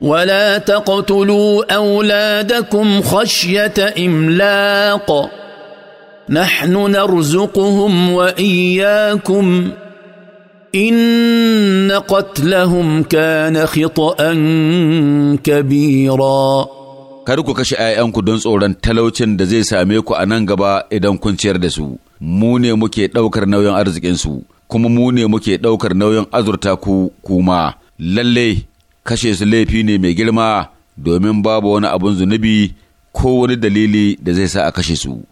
ولا تقتلوا اولادكم خشيه املاق نحن نرزقهم واياكم ان قتلهم كان خطا كبيرا kar ku kashe 'ya'yanku don tsoron talaucin da zai same ku a nan gaba idan kun ciyar da su mu ne muke ɗaukar nauyin arzikinsu kuma mu ne muke ɗaukar nauyin azurta ku kuma lalle kashe su laifi ne mai girma domin babu wani abun zunubi ko wani dalili da zai sa a kashe su.